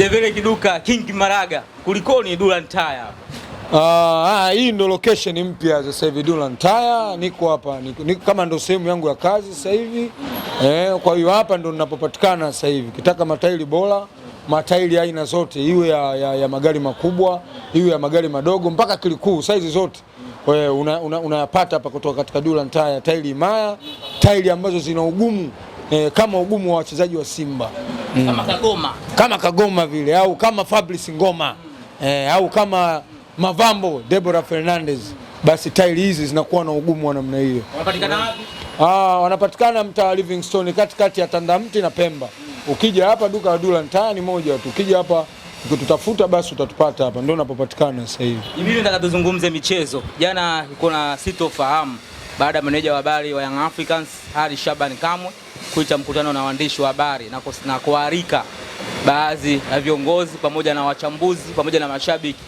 Devere Kiduka, King Maraga, kulikoni Dulan Tire hapa? Uh, ah, ah, hii ndo location mpya sasa hivi Dulan Tire, niko hapa niko, niko kama ndo sehemu yangu ya kazi sasa hivi eh, kwa hiyo hapa ndo ninapopatikana sasa hivi, kitaka matairi bora matairi aina zote iwe ya, ya, ya magari makubwa iwe ya magari madogo mpaka kilikuu size zote unayapata eh, una, una hapa kutoka katika Dulan Tire, tairi imara, tairi ambazo zina ugumu eh, kama ugumu wa wachezaji wa Simba mm. kama Kagoma, kama Kagoma vile au kama Fabrice Ngoma mm. eh, au kama Mavambo Deborah Fernandez basi taili hizi zinakuwa na ugumu wa namna hiyo. Wanapatikana wapi? Ah, wanapatikana mtaa Livingstone katikati ya Tandamti na Pemba. Ukija hapa duka la Dula ntaani moja tu, ukija hapa ukitutafuta basi utatupata hapa, ndio unapopatikana sasa hivi. Hivi nataka tuzungumze michezo. Jana iko na sitofahamu baada ya meneja wa habari wa Young Africans Hadi Shaban Kamwe kuita mkutano na waandishi wa habari na kualika baadhi ya viongozi pamoja na wachambuzi pamoja na mashabiki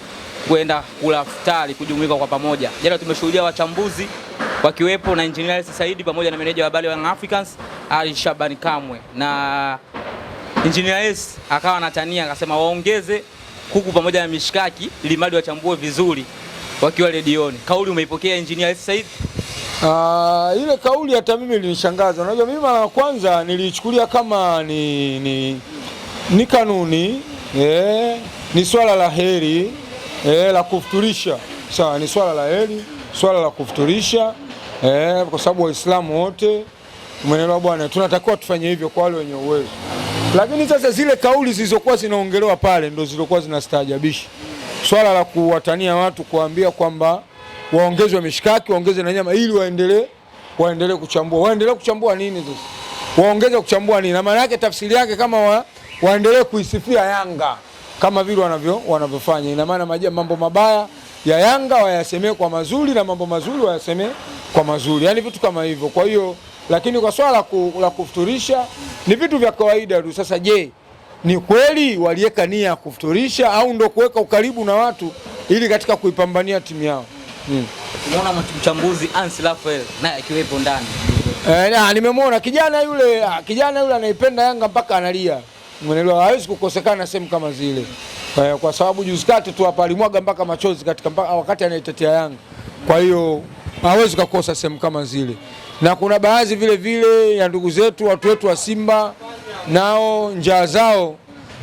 kwenda kula futari kujumuika kwa pamoja. Jana tumeshuhudia wachambuzi wakiwepo na Engineer Hersi Saidi pamoja na meneja wa habari wa Young Africans Ali Shaban Kamwe, na Engineer Hersi akawa anatania akasema waongeze kuku pamoja na mishikaki ili mradi wachambue vizuri wakiwa redioni. Kauli umeipokea Engineer Hersi Saidi? Uh, ile kauli hata mimi ilinishangaza. Unajua, mimi mara ya kwanza nilichukulia kama ni, ni, ni kanuni eh, ni swala la heri eh, la kufuturisha. Sawa, ni swala la heri, swala la kufuturisha eh, kwa sababu Waislamu wote umeelewa bwana, tunatakiwa tufanye hivyo kwa wale wenye uwezo. Lakini sasa zile kauli zilizokuwa zinaongelewa pale ndo zilizokuwa zinastaajabisha, swala la kuwatania watu kuambia kwamba waongezwe mishikaki, waongeze na nyama ili waendelee waendelee kuchambua. Waendelee kuchambua nini sasa? Waongeze kuchambua nini? Na maana yake tafsiri yake kama wa, waendelee kuisifia Yanga kama vile wanavyo wanavyofanya. Ina maana maji mambo mabaya ya Yanga wayasemee kwa mazuri na mambo mazuri wayasemee kwa mazuri, yaani vitu kama hivyo. Kwa hiyo lakini kwa swala ku, la kufuturisha ni vitu vya kawaida tu. Sasa je, ni kweli waliweka nia ya kufuturisha au ndo kuweka ukaribu na watu ili katika kuipambania timu yao? Mm. Umeona mchambuzi Ansi Rafael naye akiwepo ndani. Eh, na nimemwona kijana yule, ah, kijana yule anaipenda Yanga mpaka analia. Umeelewa? Hawezi kukosekana sehemu kama zile. Kwa, eh, kwa sababu juzi kati tu hapa alimwaga mpaka machozi katika mpaka ah, wakati anaitetea Yanga. Kwa hiyo hawezi kukosa sehemu kama zile. Na kuna baadhi vile vile ya ndugu zetu watu wetu wa Simba nao njaa zao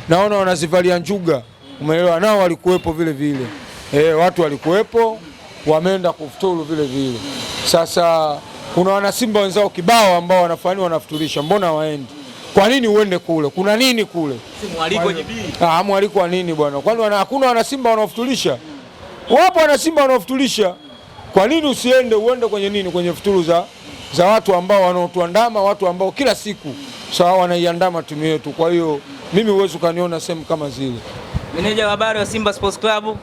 naona wanazivalia njuga. Umeelewa? Nao walikuwepo vile vile. Eh, watu walikuwepo wameenda kufuturu vile vile. Sasa kuna wanasimba wenzao kibao ambao wanafani wanafuturisha, mbona waendi? Kwa nini uende kule? Kuna nini kule? Mwaliko ah, wa nini bwana? Kwani hakuna wanasimba wanaofuturisha? Wapo wanasimba wanaofuturisha. Kwa nini usiende uende kwenye nini? Kwenye futuru za, za watu ambao wanaotuandama, watu ambao kila siku sawa wanaiandama timu yetu. Kwa hiyo mimi huwezi ukaniona sehemu kama zile. Meneja wa habari wa Simba Sports Club uh,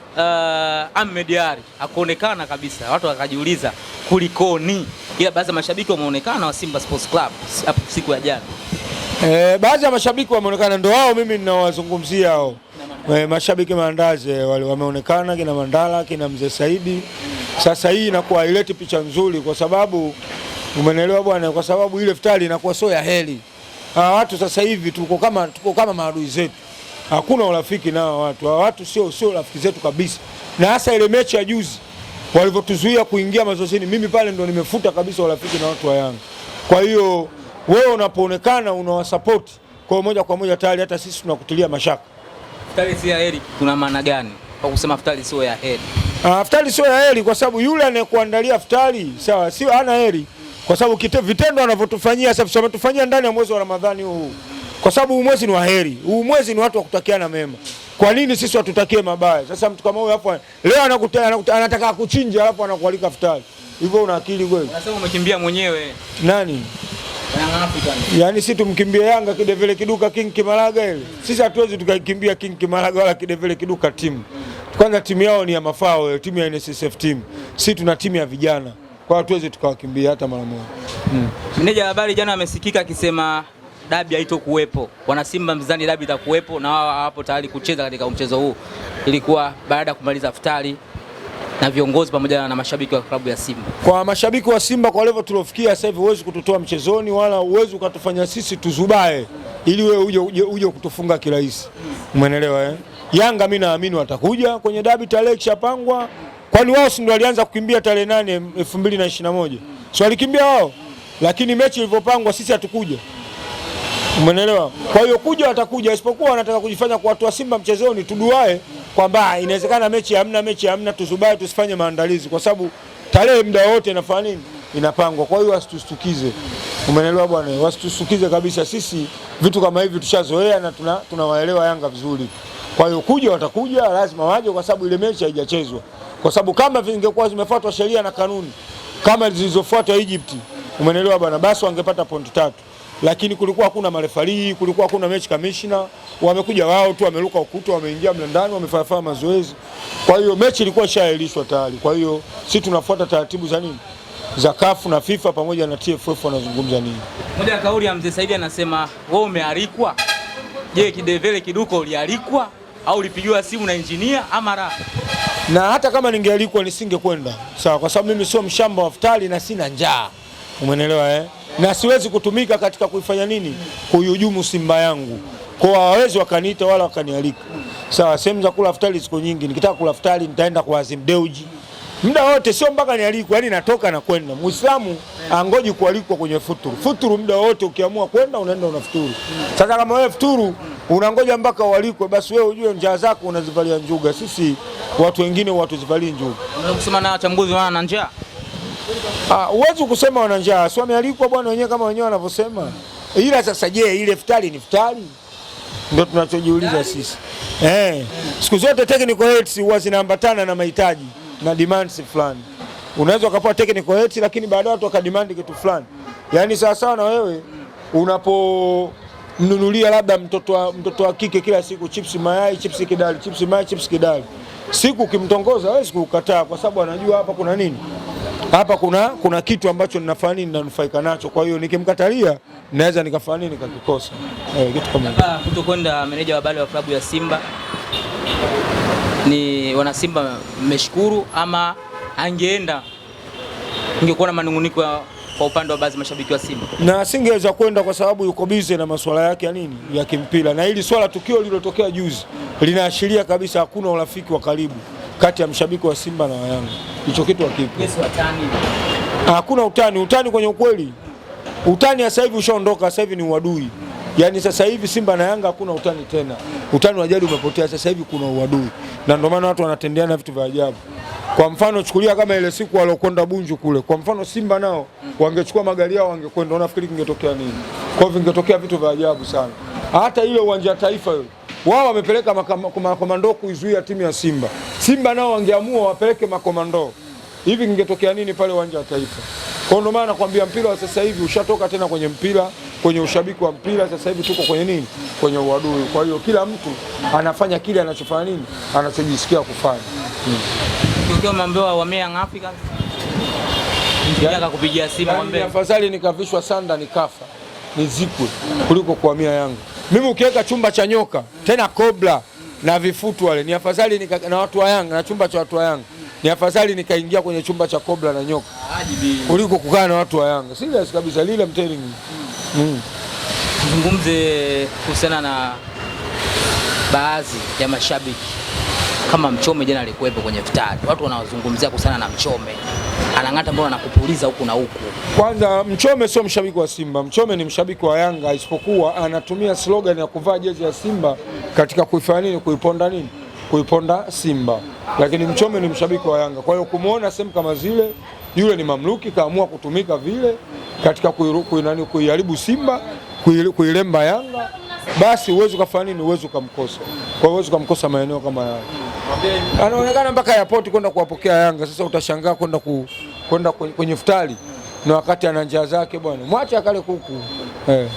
Ahmed Ally hakuonekana kabisa, watu wakajiuliza kulikoni, ila baadhi ya mashabiki wameonekana wa Simba Sports Club hapo siku ya jana. Eh, baadhi ya mashabiki wameonekana, ndio wao mimi ninawazungumzia hao eh, mashabiki maandaze eh, wale wameonekana, kina Mandala kina Mzee Saidi. Sasa hii inakuwa ileti picha nzuri, kwa sababu umeelewa bwana, kwa sababu ile futari inakuwa sio ya heri. Ah, watu sasa hivi tuko kama tuko kama maadui zetu hakuna urafiki nao watu hawa, watu sio sio rafiki zetu kabisa, na hasa ile mechi ya juzi walivyotuzuia kuingia mazozini, mimi pale ndo nimefuta kabisa urafiki na watu wa Yanga. Kwa hiyo wewe unapoonekana unawasapoti kwa moja kwa moja, tayari hata sisi tunakutilia mashaka. Futari si ya heri, kuna maana gani kwa kusema futari sio ya heri? Ah, futari sio ya heri kwa sababu yule anayekuandalia futari sawa, sio ana heri, kwa sababu vitendo anavyotufanyia sasa, tumetufanyia ndani ya mwezi wa Ramadhani huu kwa sababu huu mwezi ni wa heri, huu mwezi ni watu wa kutakiana mema. Kwa nini sisi watutakie mabaya? Sasa mtu kama huyu hapo leo anakuta, anakuta, anataka kuchinja alafu anakualika futari hivyo, una akili kweli? Unasema umekimbia mwenyewe nani? Yaani si tumkimbie Yanga kidevele kiduka King Kimaraga ile? Mm. Sisi hatuwezi tukaikimbia King Kimaraga wala kidevele kiduka timu. Mm. Kwanza timu yao ni ya mafao, eh, timu ya NSSF team. Sisi tuna timu ya vijana, kwa hiyo hatuwezi tukawakimbia hata mara moja. Mm. Meneja habari jana amesikika akisema dabi haitokuwepo. Wanasimba mzani dabi itakuwepo na wao hawapo tayari kucheza katika mchezo huu. Ilikuwa baada ya kumaliza iftari na viongozi pamoja na mashabiki wa klabu ya Simba. Kwa mashabiki wa Simba kwa level tuliofikia sasa hivi, huwezi kututoa mchezoni wala uwezi ukatufanya sisi tuzubae ili wewe uje, uje, uje kutufunga kirahisi. Umeelewa eh? Yanga mimi naamini watakuja kwenye dabi tarehe ikishapangwa, kwani wao si ndio walianza kukimbia tarehe nane elfu mbili na ishirini na moja. walikimbia wao, lakini mechi ilivyopangwa sisi hatukuja. Umeelewa? Kwa hiyo kuja watakuja, isipokuwa wanataka kujifanya kwa watu wa Simba mchezoni, tuduae kwamba ah, inawezekana mechi hamna, mechi hamna, tusubae tusifanye maandalizi, kwa sababu tarehe muda wote inafanya nini, inapangwa. Kwa hiyo wasitustukize, umeelewa bwana, wasitustukize kabisa. Sisi vitu kama hivi tushazoea na tunawaelewa, tuna Yanga vizuri. Kwa hiyo kuja watakuja, lazima waje, kwa sababu ile mechi haijachezwa, kwa sababu kama vingekuwa zimefuatwa sheria na kanuni kama zilizofuatwa Egypt, umeelewa bwana, basi wangepata pointi tatu lakini kulikuwa hakuna marefarii, kulikuwa hakuna mechi kamishna, wamekuja wao tu, wameruka ukuta, wameingia mlandani wamefanya mazoezi. Kwa hiyo mechi ilikuwa ishaahirishwa tayari. Kwa hiyo sisi tunafuata taratibu za nini za kafu na FIFA pamoja na TFF wanazungumza nini. Moja ya kauli ya mzee Saidi anasema wewe umealikwa. Je, kidevele kiduko ulialikwa au ulipigiwa simu na injinia ama la? Na hata kama ningealikwa nisingekwenda sawa, kwa sababu mimi sio mshamba wa futari na sina njaa, umenelewa eh? na siwezi kutumika katika kuifanya nini, kuihujumu Simba yangu, kwa hiyo hawawezi wakaniita wala wakanialika. Sawa, sehemu za kula futari ziko nyingi, nikitaka kula futari nitaenda kwa Azim Deuji muda wote, sio mpaka nialikwe. Yani natoka na kwenda. Muislamu angoji kualikwa kwenye futuru. Futuru muda wote, ukiamua kwenda unaenda una futuru. Sasa kama wewe futuru unangoja mpaka ualikwe, basi wewe ujue njaa zako unazivalia njuga. Sisi watu wengine watuzivalie njuga. Unaweza na wachambuzi wana njaa Ah, huwezi kusema wana njaa, si wamealikwa bwana wenyewe kama wenyewe wanavyosema. Ila sasa, je, ile futari ni futari? Ndio tunachojiuliza sisi eh. Siku zote technical rates huwa zinaambatana na mahitaji na demands fulani. Unaweza ukapewa technical rates, lakini baadaye watu wakademand kitu fulani, yaani sawasawa na wewe unapo mnunulia labda mtoto wa, mtoto wa kike kila siku chips mayai, chips kidali, chips mayai, chips kidali, siku ukimtongoza hawezi kukataa, kwa sababu anajua hapa kuna nini hapa kuna, kuna kitu ambacho ninafanya nini ninanufaika nacho, kwa hiyo nikimkatalia naweza nikafanya nini nikakikosa. Eh, kitu kama kutokwenda meneja wa bale wa klabu ya Simba ni wana Simba mmeshukuru, ama angeenda ingekuwa na manunguniko kwa upande wa baadhi mashabiki wa Simba na singeweza kwenda kwa sababu yuko busy na masuala yake ya nini ya kimpira, na hili swala tukio lililotokea juzi linaashiria kabisa hakuna urafiki wa karibu kati ya mshabiki wa Simba na Yanga. Hicho kitu hakipo. Yes, hakuna utani. Utani kwenye ukweli, utani sasa hivi ushaondoka, sasa hivi ni uadui. Yaani sasa hivi Simba na Yanga hakuna utani tena, utani wa jadi umepotea. Sasa hivi kuna uadui, na ndio maana watu wanatendeana vitu vya ajabu. Kwa mfano chukulia kama ile siku waliokwenda Bunju kule, kwa mfano Simba nao wangechukua magari yao wangekwenda, unafikiri kingetokea nini? Kwa hivyo vingetokea vitu vya ajabu sana, hata ile uwanja wa Taifa yule wao wamepeleka makomando kuizuia timu ya Simba. Simba nao wangeamua wapeleke makomando hivi, kingetokea nini pale uwanja wa Taifa? Kwa ndio maana nakwambia mpira wa sasa hivi ushatoka tena kwenye mpira kwenye ushabiki wa mpira sasa hivi tuko kwenye nini? Kwenye uadui. Kwa hiyo kila mtu anafanya kile anachofanya nini, anachojisikia kufanya hmm. Afadhali nikavishwa sanda nikafa nizikwe kuliko kuhamia Yanga. Mimi ukiweka chumba cha nyoka tena kobra na vifutu wale ni afadhali nika, na watu wa Yanga na chumba cha watu wa Yanga ni afadhali nikaingia kwenye chumba cha kobra na nyoka kuliko kukaa na watu wa Yanga. Serious kabisa lile I'm Mm. Tuzungumze kuhusiana na baadhi ya mashabiki kama Mchome jana alikuwepo kwenye futari, watu wanazungumzia kuhusiana na Mchome, anang'ata, mbona anakupuliza huku na huku. Kwanza Mchome sio mshabiki wa Simba, Mchome ni mshabiki wa Yanga, isipokuwa anatumia slogan ya kuvaa jezi ya Simba katika kuifanya nini, kuiponda nini, kuiponda Simba, lakini Mchome ni mshabiki wa Yanga. Kwa hiyo kumwona sehemu kama zile, yule ni mamluki, kaamua kutumika vile katika kuiharibu Simba, kuilemba Yanga, basi uwezi ukafanya nini, uwezi ukamkosa. Kwa hiyo uwezi ukamkosa maeneo kama yale anaonekana mpaka airport kwenda kuwapokea Yanga. Sasa utashangaa kwenda ku, kwenda kwenye futari na wakati ana njia zake bwana, mwache akale kuku eh.